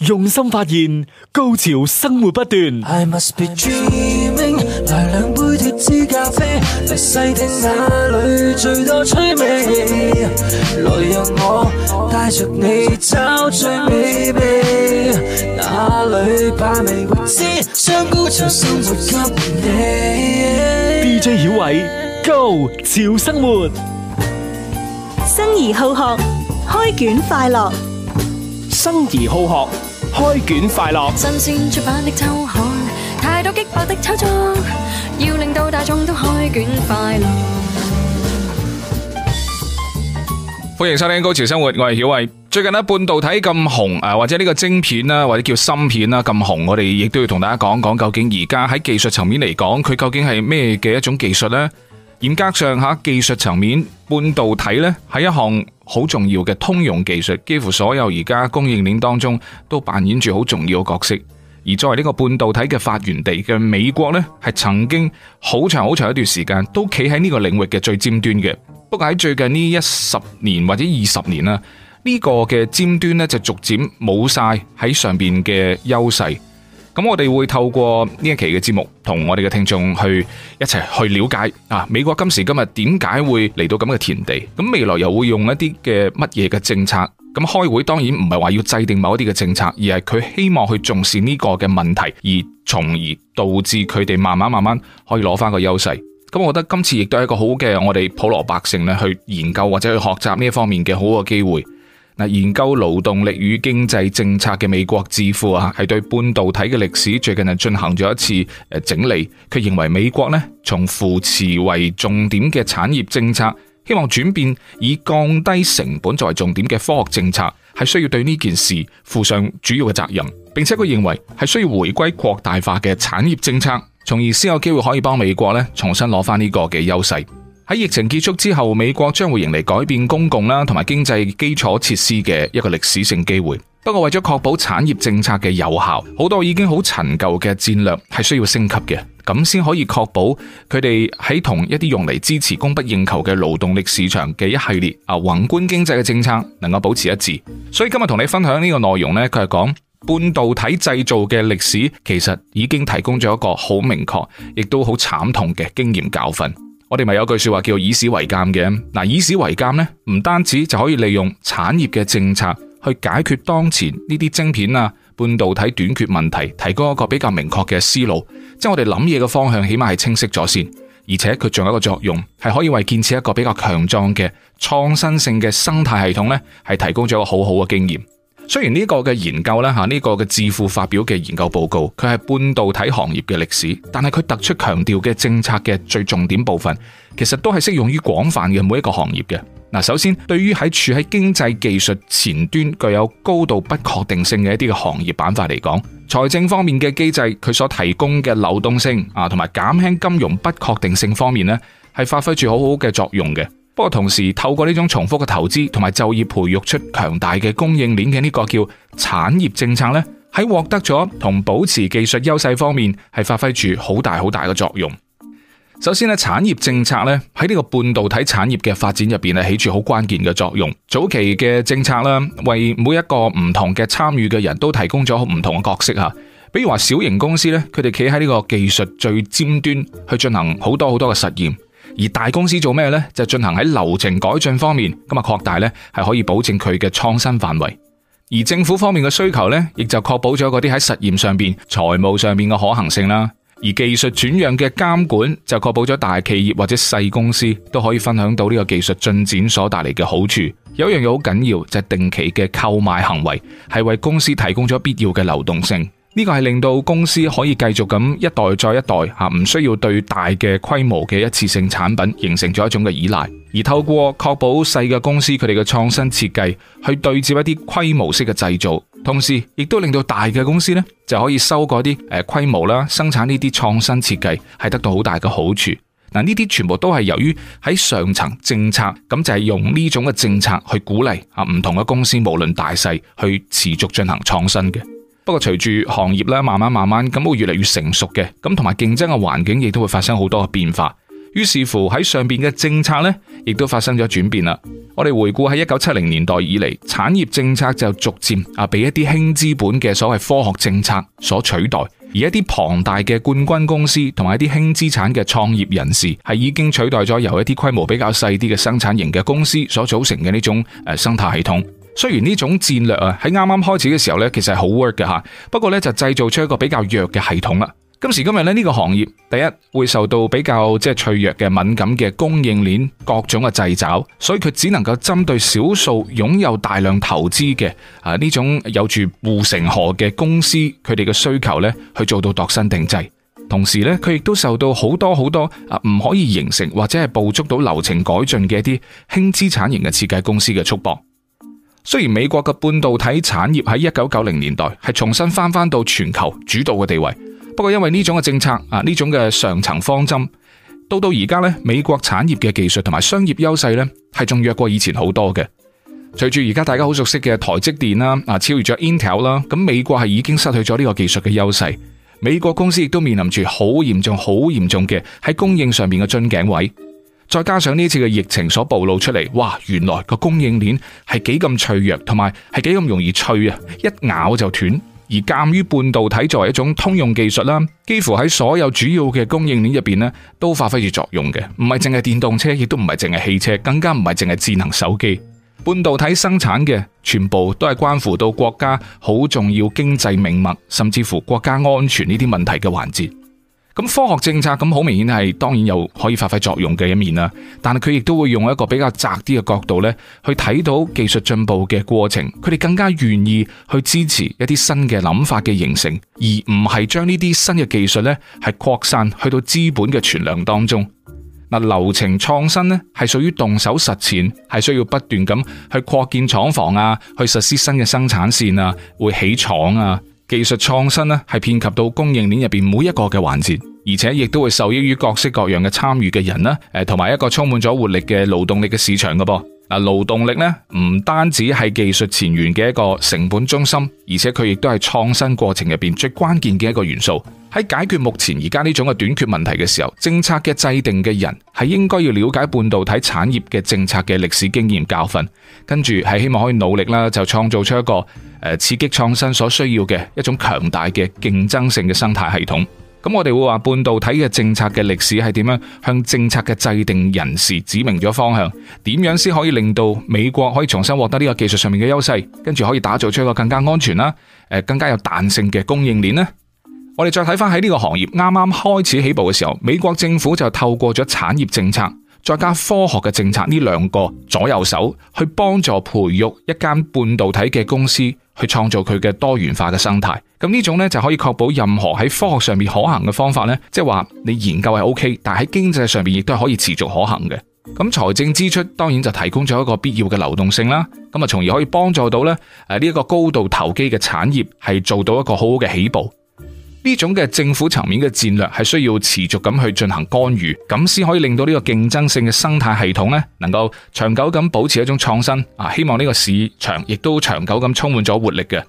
用心發現，高潮生活不斷。I must be dreaming，來兩杯脫脂咖啡，嚟細聽那裏最多趣味。來讓我帶着你找最美味，哪裏把味未知，將高潮生活給你。DJ 小偉，高潮生活，生而好學，開卷快樂，生而好學。開卷快樂！新鮮出版的周刊，太多激烈的炒作，要令到大眾都開卷快樂。歡迎收聽《高潮生活》，我係曉偉。最近呢半導體咁紅誒，或者呢個晶片啦，或者叫芯片啦，咁紅，我哋亦都要同大家講講，究竟而家喺技術層面嚟講，佢究竟係咩嘅一種技術呢？嚴格上吓，技術層面，半導體呢係一項好重要嘅通用技術，幾乎所有而家供應鏈當中都扮演住好重要嘅角色。而作為呢個半導體嘅發源地嘅美國呢，係曾經好長好長一段時間都企喺呢個領域嘅最尖端嘅。不過喺最近呢一十年或者二十年啦，呢個嘅尖端呢就逐漸冇晒喺上邊嘅優勢。咁我哋會透過呢一期嘅節目，同我哋嘅聽眾去一齊去了解啊，美國今時今日點解會嚟到咁嘅田地？咁未來又會用一啲嘅乜嘢嘅政策？咁開會當然唔係話要制定某一啲嘅政策，而係佢希望去重視呢個嘅問題，而從而導致佢哋慢慢慢慢可以攞翻個優勢。咁我覺得今次亦都係一個好嘅我哋普羅百姓咧去研究或者去學習呢方面嘅好嘅機會。嗱，研究勞動力與經濟政策嘅美國智庫啊，係對半導體嘅歷史最近係進行咗一次誒整理，佢認為美國咧從扶持為重點嘅產業政策，希望轉變以降低成本作為重點嘅科學政策，係需要對呢件事負上主要嘅責任。並且佢認為係需要回歸擴大化嘅產業政策，從而先有機會可以幫美國咧重新攞返呢個嘅優勢。喺疫情結束之後，美國將會迎來改變公共啦同埋經濟基礎設施嘅一個歷史性機會。不過為咗確保產業政策嘅有效，好多已經好陳舊嘅戰略係需要升級嘅，咁先可以確保佢哋喺同一啲用嚟支持供不應求嘅勞動力市場嘅一系列啊宏觀經濟嘅政策能夠保持一致。所以今日同你分享呢個內容呢佢係講半導體製造嘅歷史，其實已經提供咗一個好明確亦都好慘痛嘅經驗教訓。我哋咪有句說話叫以史為鑑嘅，嗱以史為鑑咧，唔單止就可以利用產業嘅政策去解決當前呢啲晶片啊半導體短缺問題，提供一個比較明確嘅思路，即係我哋諗嘢嘅方向起碼係清晰咗先。而且佢仲有一個作用，係可以為建設一個比較強壯嘅創新性嘅生態系統咧，係提供咗一個好好嘅經驗。雖然呢個嘅研究咧吓，呢個嘅智庫發表嘅研究報告，佢係半導體行業嘅歷史，但係佢突出強調嘅政策嘅最重點部分，其實都係適用於廣泛嘅每一個行業嘅。嗱，首先對於喺處喺經濟技術前端具有高度不確定性嘅一啲嘅行業板塊嚟講，財政方面嘅機制佢所提供嘅流動性啊，同埋減輕金融不確定性方面呢係發揮住好好嘅作用嘅。不過同時，透過呢種重複嘅投資同埋就業培育出強大嘅供應鏈嘅呢個叫產業政策呢，喺獲得咗同保持技術優勢方面係發揮住好大好大嘅作用。首先呢，產業政策呢喺呢個半導體產業嘅發展入邊係起住好關鍵嘅作用。早期嘅政策啦，為每一個唔同嘅參與嘅人都提供咗好唔同嘅角色吓，比如話小型公司呢，佢哋企喺呢個技術最尖端去進行好多好多嘅實驗。而大公司做咩呢？就進行喺流程改進方面，咁啊，擴大呢係可以保證佢嘅創新範圍。而政府方面嘅需求呢，亦就確保咗嗰啲喺實驗上邊、財務上面嘅可行性啦。而技術轉讓嘅監管就確保咗大企業或者細公司都可以分享到呢個技術進展所帶嚟嘅好處。有一樣嘢好緊要就係、是、定期嘅購買行為，係為公司提供咗必要嘅流動性。呢個係令到公司可以繼續咁一代再一代吓，唔需要對大嘅規模嘅一次性產品形成咗一種嘅依賴，而透過確保細嘅公司佢哋嘅創新設計去對接一啲規模式嘅製造，同時亦都令到大嘅公司呢就可以收嗰啲誒規模啦，生產呢啲創新設計係得到好大嘅好處。嗱，呢啲全部都係由於喺上層政策咁就係用呢種嘅政策去鼓勵啊唔同嘅公司無論大細去持續進行創新嘅。不過隨住行業咧，慢慢慢慢咁會越嚟越成熟嘅，咁同埋競爭嘅環境亦都會發生好多嘅變化。於是乎喺上邊嘅政策呢亦都發生咗轉變啦。我哋回顧喺一九七零年代以嚟，產業政策就逐漸啊被一啲輕資本嘅所謂科學政策所取代，而一啲龐大嘅冠軍公司同埋一啲輕資產嘅創業人士，係已經取代咗由一啲規模比較細啲嘅生產型嘅公司所組成嘅呢種誒生態系統。雖然呢種戰略啊，喺啱啱開始嘅時候呢，其實係好 work 嘅吓。不過呢，就製造出一個比較弱嘅系統啦。今時今日呢，呢個行業第一會受到比較即係脆弱嘅敏感嘅供應鏈各種嘅掣肘，所以佢只能夠針對少數擁有大量投資嘅啊呢種有住護城河嘅公司，佢哋嘅需求呢，去做到度身定製。同時呢，佢亦都受到好多好多啊唔可以形成或者係捕捉到流程改進嘅一啲輕資產型嘅設計公司嘅束縛。雖然美國嘅半導體產業喺一九九零年代係重新返返到全球主導嘅地位，不過因為呢種嘅政策啊，呢種嘅上層方針，到到而家咧，美國產業嘅技術同埋商業優勢咧係仲弱過以前好多嘅。隨住而家大家好熟悉嘅台積電啦，啊超越咗 Intel 啦，咁美國係已經失去咗呢個技術嘅優勢。美國公司亦都面臨住好嚴重、好嚴重嘅喺供應上面嘅樽頸位。再加上呢次嘅疫情所暴露出嚟，哇！原來個供應鏈係幾咁脆弱，同埋係幾咁容易脆啊，一咬就斷。而鑒於半導體作為一種通用技術啦，幾乎喺所有主要嘅供應鏈入邊咧，都發揮住作用嘅，唔係淨係電動車，亦都唔係淨係汽車，更加唔係淨係智能手機。半導體生產嘅全部都係關乎到國家好重要經濟命脈，甚至乎國家安全呢啲問題嘅環節。咁科學政策咁好明顯係，當然有可以發揮作用嘅一面啦。但係佢亦都會用一個比較窄啲嘅角度咧，去睇到技術進步嘅過程。佢哋更加願意去支持一啲新嘅諗法嘅形成，而唔係將呢啲新嘅技術咧係擴散去到資本嘅存量當中。嗱，流程創新咧係屬於動手實踐，係需要不斷咁去擴建廠房啊，去實施新嘅生產線啊，會起廠啊。技術創新咧，係遍及到供應鏈入邊每一個嘅環節，而且亦都會受益於各式各樣嘅參與嘅人啦，誒，同埋一個充滿咗活力嘅勞動力嘅市場噶噃。啊，勞動力呢唔單止係技術前沿嘅一個成本中心，而且佢亦都係創新過程入邊最關鍵嘅一個元素。喺解決目前而家呢種嘅短缺問題嘅時候，政策嘅制定嘅人係應該要了解半導體產業嘅政策嘅歷史經驗教訓，跟住係希望可以努力啦，就創造出一個。刺激創新所需要嘅一種強大嘅競爭性嘅生態系統。咁我哋會話半導體嘅政策嘅歷史係點樣向政策嘅制定人士指明咗方向？點樣先可以令到美國可以重新獲得呢個技術上面嘅優勢？跟住可以打造出一個更加安全啦，更加有彈性嘅供應鏈呢？我哋再睇翻喺呢個行業啱啱開始起步嘅時候，美國政府就透過咗產業政策，再加科學嘅政策呢兩個左右手去幫助培育一間半導體嘅公司。去創造佢嘅多元化嘅生態，咁呢種咧就可以確保任何喺科學上面可行嘅方法咧，即係話你研究係 OK，但係喺經濟上面亦都可以持續可行嘅。咁財政支出當然就提供咗一個必要嘅流動性啦，咁啊從而可以幫助到咧誒呢一個高度投機嘅產業係做到一個好好嘅起步。呢種嘅政府層面嘅戰略係需要持續咁去進行干預，咁先可以令到呢個競爭性嘅生態系統咧，能夠長久咁保持一種創新。啊，希望呢個市場亦都長久咁充滿咗活力嘅。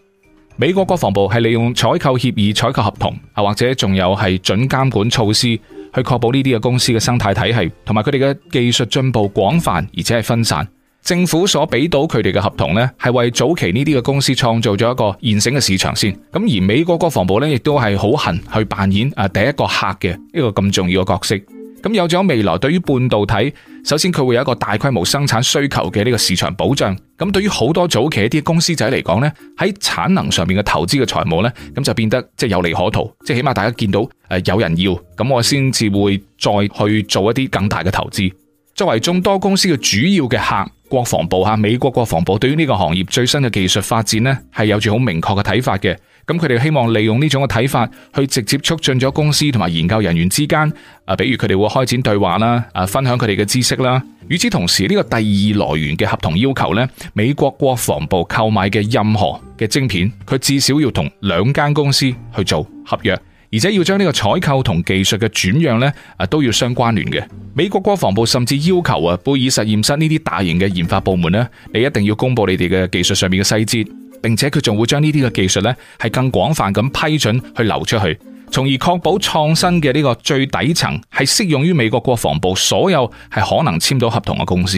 美國國防部係利用採購協議、採購合同啊，或者仲有係準監管措施，去確保呢啲嘅公司嘅生態體系同埋佢哋嘅技術進步廣泛而且係分散。政府所俾到佢哋嘅合同呢，係為早期呢啲嘅公司創造咗一個現成嘅市場先。咁而美國國防部呢，亦都係好恨去扮演誒第一個客嘅一個咁重要嘅角色。咁有咗未來，對於半導體，首先佢會有一個大規模生產需求嘅呢個市場保障。咁對於好多早期一啲公司仔嚟講呢，喺產能上面嘅投資嘅財務呢，咁就變得即係有利可圖。即係起碼大家見到誒有人要，咁我先至會再去做一啲更大嘅投資。作為眾多公司嘅主要嘅客。國防部吓，美國國防部對於呢個行業最新嘅技術發展呢，係有住好明確嘅睇法嘅。咁佢哋希望利用呢種嘅睇法，去直接促進咗公司同埋研究人員之間，啊，比如佢哋會開展對話啦，啊，分享佢哋嘅知識啦。與此同時，呢個第二來源嘅合同要求呢，美國國防部購買嘅任何嘅晶片，佢至少要同兩間公司去做合約。而且要將呢個採購同技術嘅轉讓呢，啊都要相關聯嘅。美國國防部甚至要求啊，貝爾實驗室呢啲大型嘅研發部門呢，你一定要公布你哋嘅技術上面嘅細節，並且佢仲會將呢啲嘅技術呢，係更廣泛咁批准去流出去，從而確保創新嘅呢個最底層係適用於美國國防部所有係可能簽到合同嘅公司。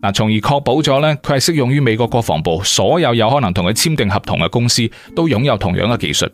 嗱，從而確保咗呢，佢係適用於美國國防部所有有可能同佢簽訂合同嘅公司都擁有同樣嘅技術。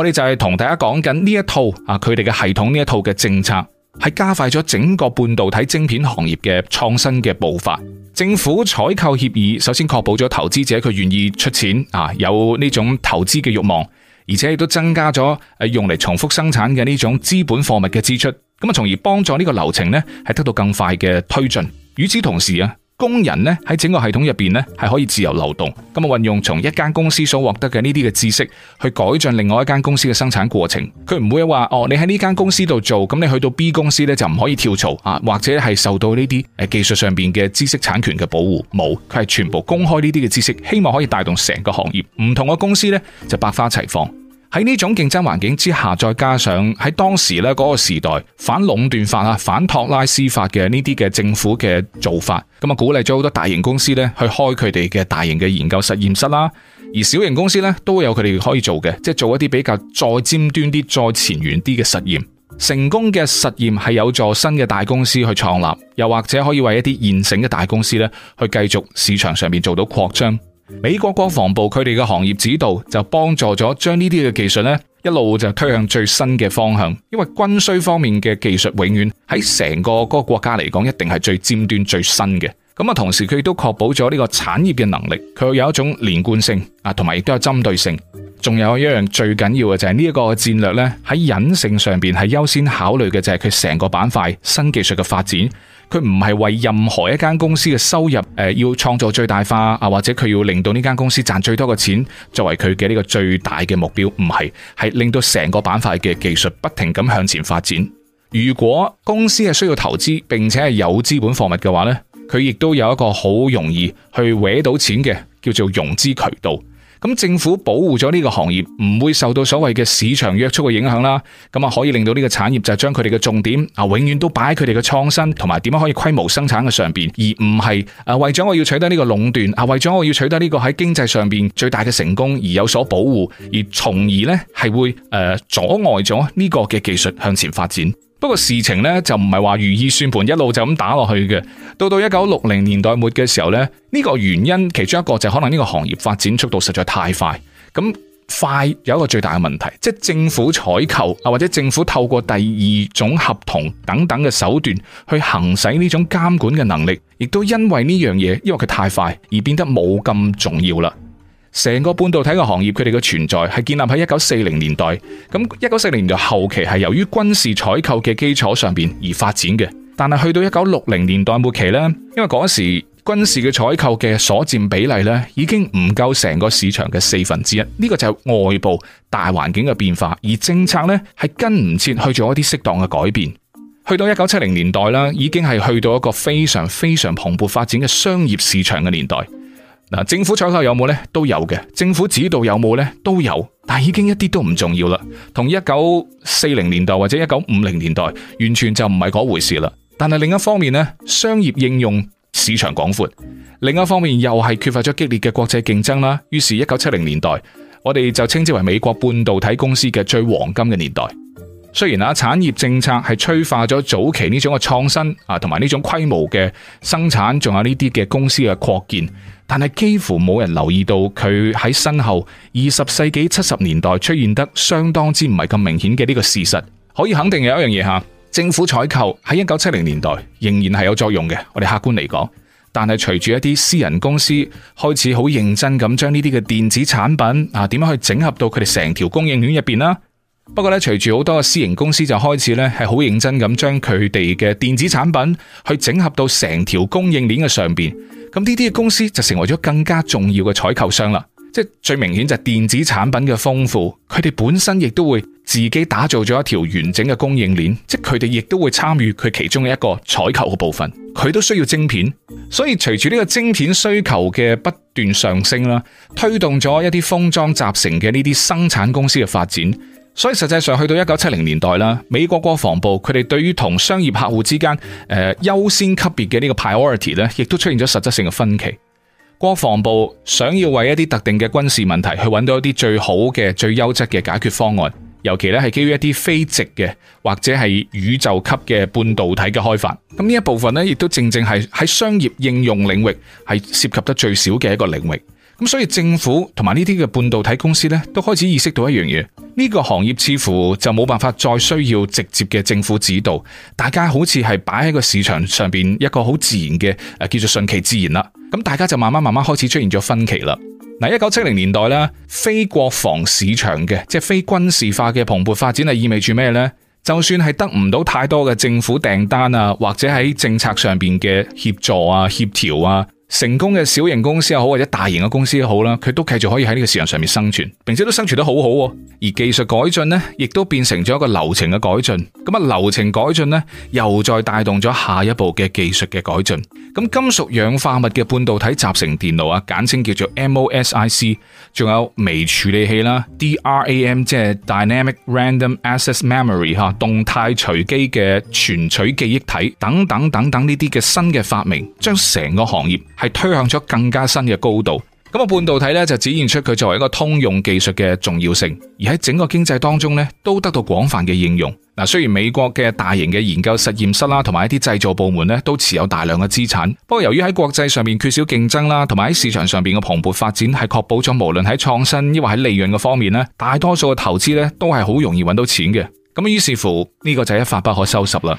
我哋就係同大家講緊呢一套啊，佢哋嘅系統呢一套嘅政策，係加快咗整個半導體晶片行業嘅創新嘅步伐。政府採購協議首先確保咗投資者佢願意出錢啊，有呢種投資嘅慾望，而且亦都增加咗誒用嚟重複生產嘅呢種資本貨物嘅支出，咁啊，從而幫助呢個流程咧係得到更快嘅推進。與此同時啊。工人咧喺整個系統入邊咧係可以自由流動，咁啊，運用從一間公司所獲得嘅呢啲嘅知識去改進另外一間公司嘅生產過程，佢唔會話哦，你喺呢間公司度做，咁你去到 B 公司咧就唔可以跳槽啊，或者係受到呢啲誒技術上邊嘅知識產權嘅保護，冇，佢係全部公開呢啲嘅知識，希望可以帶動成個行業，唔同嘅公司咧就百花齊放。喺呢種競爭環境之下，再加上喺當時咧嗰個時代反壟斷法啊、反托拉斯法嘅呢啲嘅政府嘅做法，咁啊鼓勵咗好多大型公司咧去開佢哋嘅大型嘅研究實驗室啦，而小型公司咧都有佢哋可以做嘅，即係做一啲比較再尖端啲、再前沿啲嘅實驗。成功嘅實驗係有助新嘅大公司去創立，又或者可以為一啲現成嘅大公司咧去繼續市場上面做到擴張。美國國防部佢哋嘅行業指導就幫助咗將呢啲嘅技術咧一路就推向最新嘅方向，因為軍需方面嘅技術永遠喺成個嗰個國家嚟講一定係最尖端最新嘅。咁啊，同時佢亦都確保咗呢個產業嘅能力，佢有一種連貫性啊，同埋亦都有針對性。仲有一樣最緊要嘅就係呢一個戰略咧喺隱性上邊係優先考慮嘅就係佢成個板塊新技術嘅發展。佢唔係為任何一間公司嘅收入，誒要創造最大化啊，或者佢要令到呢間公司賺最多嘅錢，作為佢嘅呢個最大嘅目標，唔係，係令到成個板塊嘅技術不停咁向前發展。如果公司係需要投資，並且係有資本貨物嘅話呢，佢亦都有一個好容易去獲到錢嘅，叫做融資渠道。咁政府保護咗呢個行業，唔會受到所謂嘅市場約束嘅影響啦。咁啊，可以令到呢個產業就將佢哋嘅重點啊，永遠都擺喺佢哋嘅創新同埋點樣可以規模生產嘅上邊，而唔係誒為咗我要取得呢個壟斷啊，為咗我要取得呢個喺經濟上邊最大嘅成功而有所保護，而從而呢係會誒阻礙咗呢個嘅技術向前發展。不過事情咧就唔係話如意算盤一路就咁打落去嘅，到到一九六零年代末嘅時候咧，呢、這個原因其中一個就可能呢個行業發展速度實在太快，咁快有一個最大嘅問題，即、就是、政府採購啊或者政府透過第二種合同等等嘅手段去行使呢種監管嘅能力，亦都因為呢樣嘢，因為佢太快而變得冇咁重要啦。成個半導體嘅行業，佢哋嘅存在係建立喺一九四零年代。咁一九四零年代後期係由於軍事採購嘅基礎上邊而發展嘅。但係去到一九六零年代末期呢，因為嗰時軍事嘅採購嘅所佔比例呢已經唔夠成個市場嘅四分之一。呢個就係外部大環境嘅變化，而政策呢係跟唔切去做一啲適當嘅改變。去到一九七零年代啦，已經係去到一個非常非常蓬勃發展嘅商業市場嘅年代。嗱，政府採購有冇呢？都有嘅。政府指導有冇呢？都有，但已經一啲都唔重要啦。同一九四零年代或者一九五零年代完全就唔係嗰回事啦。但係另一方面呢，商業應用市場廣闊，另一方面又係缺乏咗激烈嘅國際競爭啦。於是，一九七零年代，我哋就稱之為美國半導體公司嘅最黃金嘅年代。雖然啊，產業政策係催化咗早期呢種嘅創新啊，同埋呢種規模嘅生產，仲有呢啲嘅公司嘅擴建，但係幾乎冇人留意到佢喺身後二十世紀七十年代出現得相當之唔係咁明顯嘅呢個事實。可以肯定有一樣嘢吓，政府採購喺一九七零年代仍然係有作用嘅。我哋客觀嚟講，但係隨住一啲私人公司開始好認真咁將呢啲嘅電子產品啊，點樣去整合到佢哋成條供應鏈入邊啦。不過咧，隨住好多私營公司就開始咧，係好認真咁將佢哋嘅電子產品去整合到成條供應鏈嘅上邊，咁呢啲嘅公司就成為咗更加重要嘅採購商啦。即最明顯就係電子產品嘅豐富，佢哋本身亦都會自己打造咗一條完整嘅供應鏈，即佢哋亦都會參與佢其中嘅一個採購嘅部分，佢都需要晶片，所以隨住呢個晶片需求嘅不斷上升啦，推動咗一啲封裝集成嘅呢啲生產公司嘅發展。所以實際上去到一九七零年代啦，美國國防部佢哋對於同商業客戶之間誒優先級別嘅呢個 priority 咧，亦都出現咗實質性嘅分歧。國防部想要為一啲特定嘅軍事問題去揾到一啲最好嘅最優質嘅解決方案，尤其咧係基於一啲非直嘅或者係宇宙級嘅半導體嘅開發。咁呢一部分咧，亦都正正係喺商業應用領域係涉及得最少嘅一個領域。咁所以政府同埋呢啲嘅半導體公司咧，都開始意識到一樣嘢，呢個行業似乎就冇辦法再需要直接嘅政府指導，大家好似係擺喺個市場上邊一個好自然嘅，誒，叫做順其自然啦。咁大家就慢慢慢慢開始出現咗分歧啦。嗱，一九七零年代啦，非國防市場嘅即係非軍事化嘅蓬勃發展係意味住咩咧？就算係得唔到太多嘅政府訂單啊，或者喺政策上邊嘅協助啊、協調啊。成功嘅小型公司又好，或者大型嘅公司也好啦，佢都繼續可以喺呢個市場上面生存，並且都生存得好好。而技術改進呢，亦都變成咗一個流程嘅改進。咁啊，流程改進呢，又再帶動咗下一步嘅技術嘅改進。咁金屬氧化物嘅半導體集成電路啊，簡稱叫做 MOSIC，仲有微處理器啦，DRAM 即係 Dynamic Random Access Memory 吓，動態隨機嘅存取記憶體，等等等等呢啲嘅新嘅發明，將成個行業係推向咗更加新嘅高度。咁啊，半導體咧就展現出佢作為一個通用技術嘅重要性，而喺整個經濟當中咧都得到廣泛嘅應用。嗱，雖然美國嘅大型嘅研究實驗室啦，同埋一啲製造部門咧都持有大量嘅資產，不過由於喺國際上面缺少競爭啦，同埋喺市場上邊嘅蓬勃發展，係確保咗無論喺創新抑或喺利潤嘅方面咧，大多數嘅投資咧都係好容易揾到錢嘅。咁啊，於是乎呢個就一發不可收拾啦。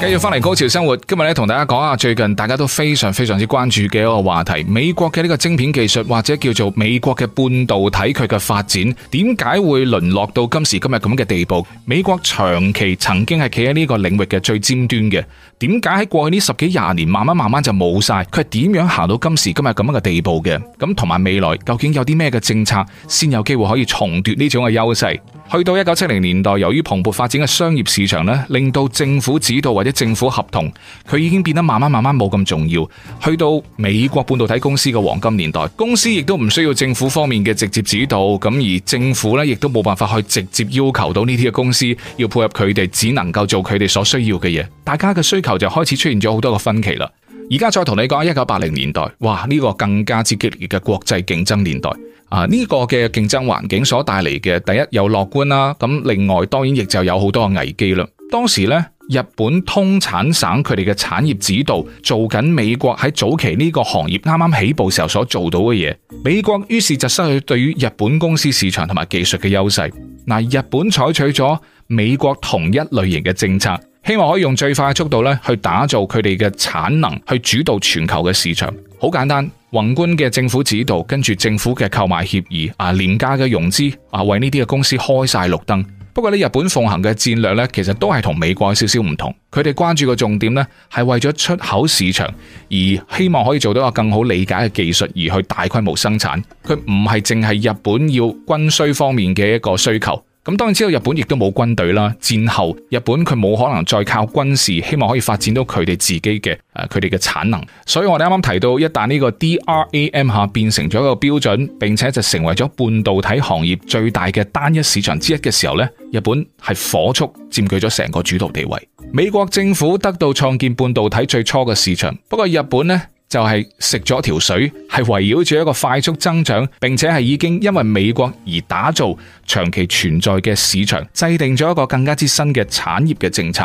繼續翻嚟，《高潮生活》今呢，今日咧同大家講下最近大家都非常非常之關注嘅一個話題：美國嘅呢個晶片技術，或者叫做美國嘅半導體佢嘅發展，點解會淪落到今時今日咁嘅地步？美國長期曾經係企喺呢個領域嘅最尖端嘅，點解喺過去呢十幾廿年慢慢慢慢就冇晒？佢係點樣行到今時今日咁樣嘅地步嘅？咁同埋未來究竟有啲咩嘅政策先有機會可以重奪呢種嘅優勢？去到一九七零年代，由於蓬勃發展嘅商業市場咧，令到政府指導或者政府合同，佢已經變得慢慢慢慢冇咁重要。去到美國半導體公司嘅黃金年代，公司亦都唔需要政府方面嘅直接指導。咁而政府咧，亦都冇辦法去直接要求到呢啲嘅公司要配合佢哋，只能夠做佢哋所需要嘅嘢。大家嘅需求就開始出現咗好多嘅分歧啦。而家再同你講一九八零年代，哇！呢個更加激烈嘅國際競爭年代啊！呢個嘅競爭環境所帶嚟嘅，第一有樂觀啦，咁另外當然亦就有好多嘅危機啦。當時咧，日本通產省佢哋嘅產業指導做緊美國喺早期呢個行業啱啱起步時候所做到嘅嘢，美國於是就失去對於日本公司市場同埋技術嘅優勢。嗱，日本採取咗美國同一類型嘅政策。希望可以用最快嘅速度去打造佢哋嘅產能，去主導全球嘅市場。好簡單，宏觀嘅政府指導，跟住政府嘅購買協議，啊廉價嘅融資，啊為呢啲嘅公司開晒綠燈。不過呢，日本奉行嘅戰略呢，其實都係同美國有少少唔同。佢哋關注嘅重點呢，係為咗出口市場而希望可以做到一個更好理解嘅技術，而去大規模生產。佢唔係淨係日本要軍需方面嘅一個需求。咁當然知道日本亦都冇軍隊啦，戰後日本佢冇可能再靠軍事，希望可以發展到佢哋自己嘅，誒佢哋嘅產能。所以我哋啱啱提到，一旦呢個 DRAM 下變成咗一個標準，並且就成為咗半導體行業最大嘅單一市場之一嘅時候呢，日本係火速佔據咗成個主導地位。美國政府得到創建半導體最初嘅市場，不過日本呢。就係食咗條水，係圍繞住一個快速增長，並且係已經因為美國而打造長期存在嘅市場，制定咗一個更加之新嘅產業嘅政策。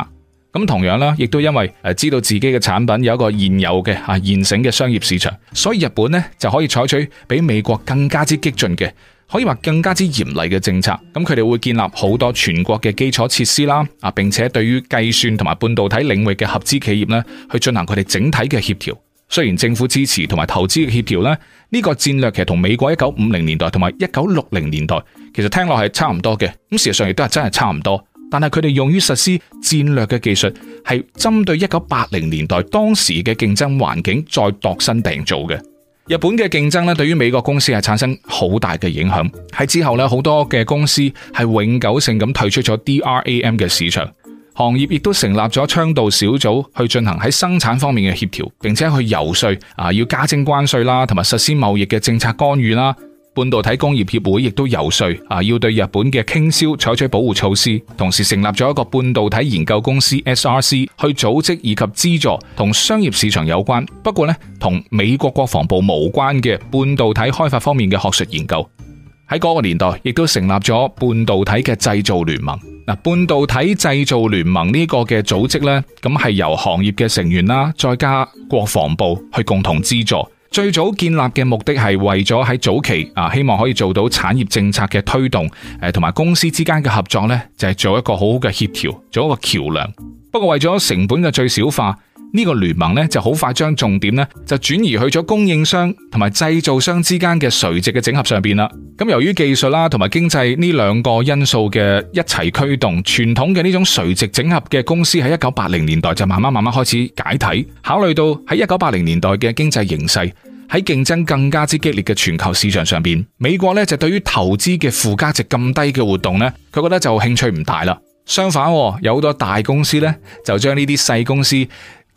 咁同樣啦，亦都因為誒知道自己嘅產品有一個現有嘅吓現成嘅商業市場，所以日本呢就可以採取比美國更加之激進嘅，可以話更加之嚴厲嘅政策。咁佢哋會建立好多全國嘅基礎設施啦，啊，並且對於計算同埋半導體領域嘅合資企業呢，去進行佢哋整體嘅協調。雖然政府支持同埋投資嘅協調咧，呢個戰略其實同美國一九五零年代同埋一九六零年代，其實聽落係差唔多嘅，咁事實上亦都係真係差唔多。但係佢哋用於實施戰略嘅技術，係針對一九八零年代當時嘅競爭環境再度身定做嘅。日本嘅競爭咧，對於美國公司係產生好大嘅影響。喺之後咧，好多嘅公司係永久性咁退出咗 DRAM 嘅市場。行業亦都成立咗倡導小組去進行喺生產方面嘅協調，並且去遊說啊要加徵關稅啦，同埋實施貿易嘅政策干預啦。半導體工業協會亦都遊說啊要對日本嘅傾銷採取保護措施，同時成立咗一個半導體研究公司 SRC 去組織以及資助同商業市場有關，不過呢，同美國國防部無關嘅半導體開發方面嘅學術研究。喺嗰個年代，亦都成立咗半導體嘅製造聯盟。嗱，半導體製造聯盟呢個嘅組織呢，咁係由行業嘅成員啦，再加國防部去共同資助。最早建立嘅目的係為咗喺早期啊，希望可以做到產業政策嘅推動，誒、啊，同埋公司之間嘅合作呢，就係、是、做一個好好嘅協調，做一個橋樑。不過為咗成本嘅最小化。呢個聯盟咧就好快將重點咧就轉移去咗供應商同埋製造商之間嘅垂直嘅整合上邊啦。咁由於技術啦同埋經濟呢兩個因素嘅一齊驅動，傳統嘅呢種垂直整合嘅公司喺一九八零年代就慢慢慢慢開始解體。考慮到喺一九八零年代嘅經濟形勢，喺競爭更加之激烈嘅全球市場上邊，美國咧就對於投資嘅附加值咁低嘅活動咧，佢覺得就興趣唔大啦。相反，有好多大公司咧就將呢啲細公司。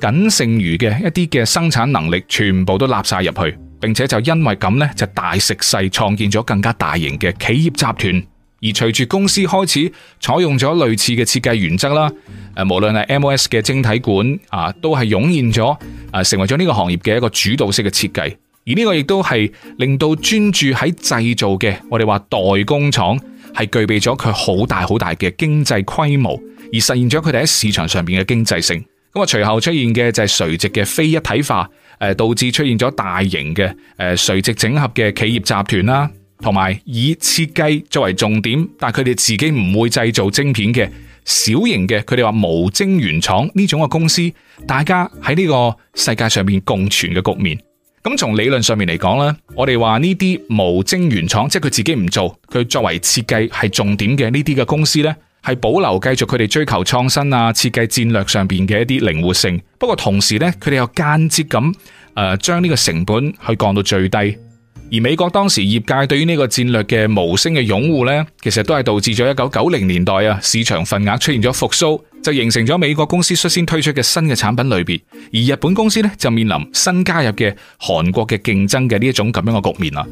僅剩餘嘅一啲嘅生產能力，全部都納晒入去。並且就因為咁呢，就大食細創建咗更加大型嘅企業集團。而隨住公司開始採用咗類似嘅設計原則啦，誒，無論係 MOS 嘅晶體管啊，都係湧現咗，誒，成為咗呢個行業嘅一個主導式嘅設計。而呢個亦都係令到專注喺製造嘅我哋話代工廠係具備咗佢好大好大嘅經濟規模，而實現咗佢哋喺市場上邊嘅經濟性。咁啊，隨後出現嘅就係垂直嘅非一體化。誒，導致出現咗大型嘅誒，垂直整合嘅企業集團啦，同埋以設計作為重點，但佢哋自己唔會製造晶片嘅小型嘅，佢哋話無晶圓廠呢種嘅公司，大家喺呢個世界上面共存嘅局面。咁從理論上面嚟講咧，我哋話呢啲無晶圓廠，即係佢自己唔做，佢作為設計係重點嘅呢啲嘅公司咧，係保留繼續佢哋追求創新啊，設計戰略上邊嘅一啲靈活性。不過同時咧，佢哋又間接咁誒、呃，將呢個成本去降到最低。而美國當時業界對於呢個戰略嘅無聲嘅擁護咧，其實都係導致咗一九九零年代啊市場份額出現咗復蘇，就形成咗美國公司率先推出嘅新嘅產品類別，而日本公司咧就面臨新加入嘅韓國嘅競爭嘅呢一種咁樣嘅局面啦。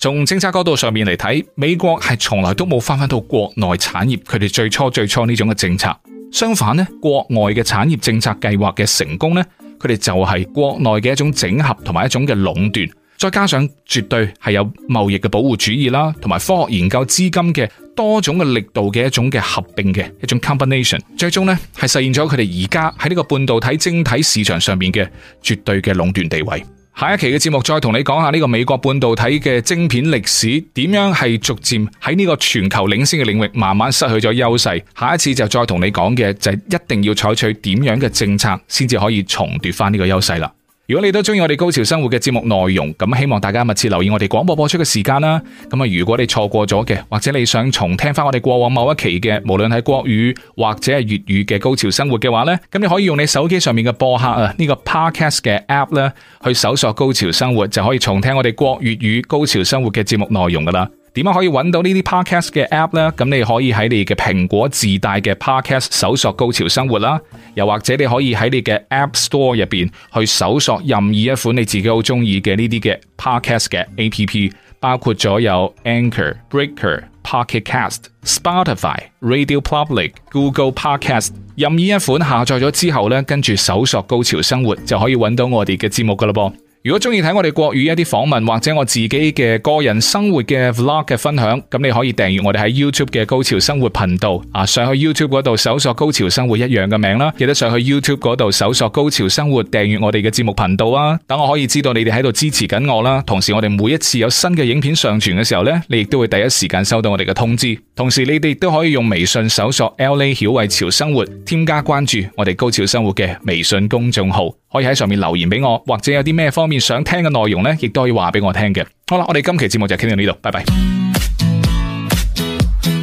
從政策角度上面嚟睇，美國係從來都冇翻翻到國內產業，佢哋最初最初呢種嘅政策。相反呢，國外嘅產業政策計劃嘅成功呢，佢哋就係國內嘅一種整合同埋一種嘅壟斷，再加上絕對係有貿易嘅保護主義啦，同埋科學研究資金嘅多種嘅力度嘅一種嘅合併嘅一種 combination，最終呢係實現咗佢哋而家喺呢個半導體晶體市場上面嘅絕對嘅壟斷地位。下一期嘅節目再同你講下呢個美國半導體嘅晶片歷史點樣係逐漸喺呢個全球領先嘅領域慢慢失去咗優勢。下一次就再同你講嘅就係一定要採取點樣嘅政策先至可以重奪翻呢個優勢啦。如果你都中意我哋高潮生活嘅節目內容，咁希望大家密切留意我哋廣播播出嘅時間啦。咁啊，如果你錯過咗嘅，或者你想重聽翻我哋過往某一期嘅，無論係國語或者係粵語嘅高潮生活嘅話呢，咁你可以用你手機上面嘅播客啊，呢個 Podcast 嘅 App 呢，去搜索高潮生活就可以重聽我哋國粵語高潮生活嘅節目內容噶啦。點樣可以揾到呢啲 podcast 嘅 app 呢？咁你可以喺你嘅蘋果自帶嘅 podcast 搜索高潮生活啦，又或者你可以喺你嘅 App Store 入邊去搜索任意一款你自己好中意嘅呢啲嘅 podcast 嘅 app，包括咗有 Anchor、Breaker、Pocket Cast、Spotify、Radio Public、Google Podcast，任意一款下載咗之後呢，跟住搜索高潮生活就可以揾到我哋嘅節目噶啦噃。如果中意睇我哋國語一啲訪問或者我自己嘅個人生活嘅 vlog 嘅分享，咁你可以訂閱我哋喺 YouTube 嘅高潮生活頻道啊，上去 YouTube 嗰度搜索高潮生活一樣嘅名啦，記得上去 YouTube 嗰度搜索高潮生活訂閱我哋嘅節目頻道啊，等我可以知道你哋喺度支持緊我啦。同時我哋每一次有新嘅影片上傳嘅時候咧，你亦都會第一時間收到我哋嘅通知。同時你哋亦都可以用微信搜索 LA 曉慧潮生活，添加關注我哋高潮生活嘅微信公眾號。可以喺上面留言俾我，或者有啲咩方面想聽嘅內容呢，亦都可以話俾我聽嘅。好啦，我哋今期節目就傾到呢度，拜拜。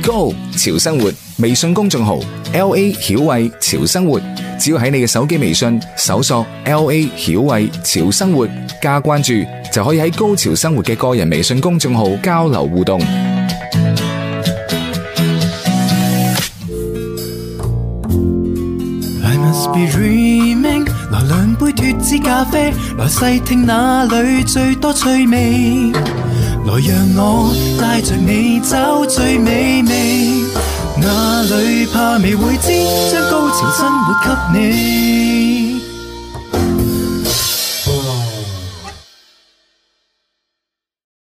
Go 潮生活微信公眾號 L A 曉慧潮生活，只要喺你嘅手機微信搜索 L A 曉慧潮生活加關注，就可以喺高潮生活嘅個人微信公眾號交流互動。Be dreaming，來兩杯脫脂咖啡，來細聽那裏最多趣味。來讓我帶着你找最美味，哪裏怕未會知，將高潮生活給你。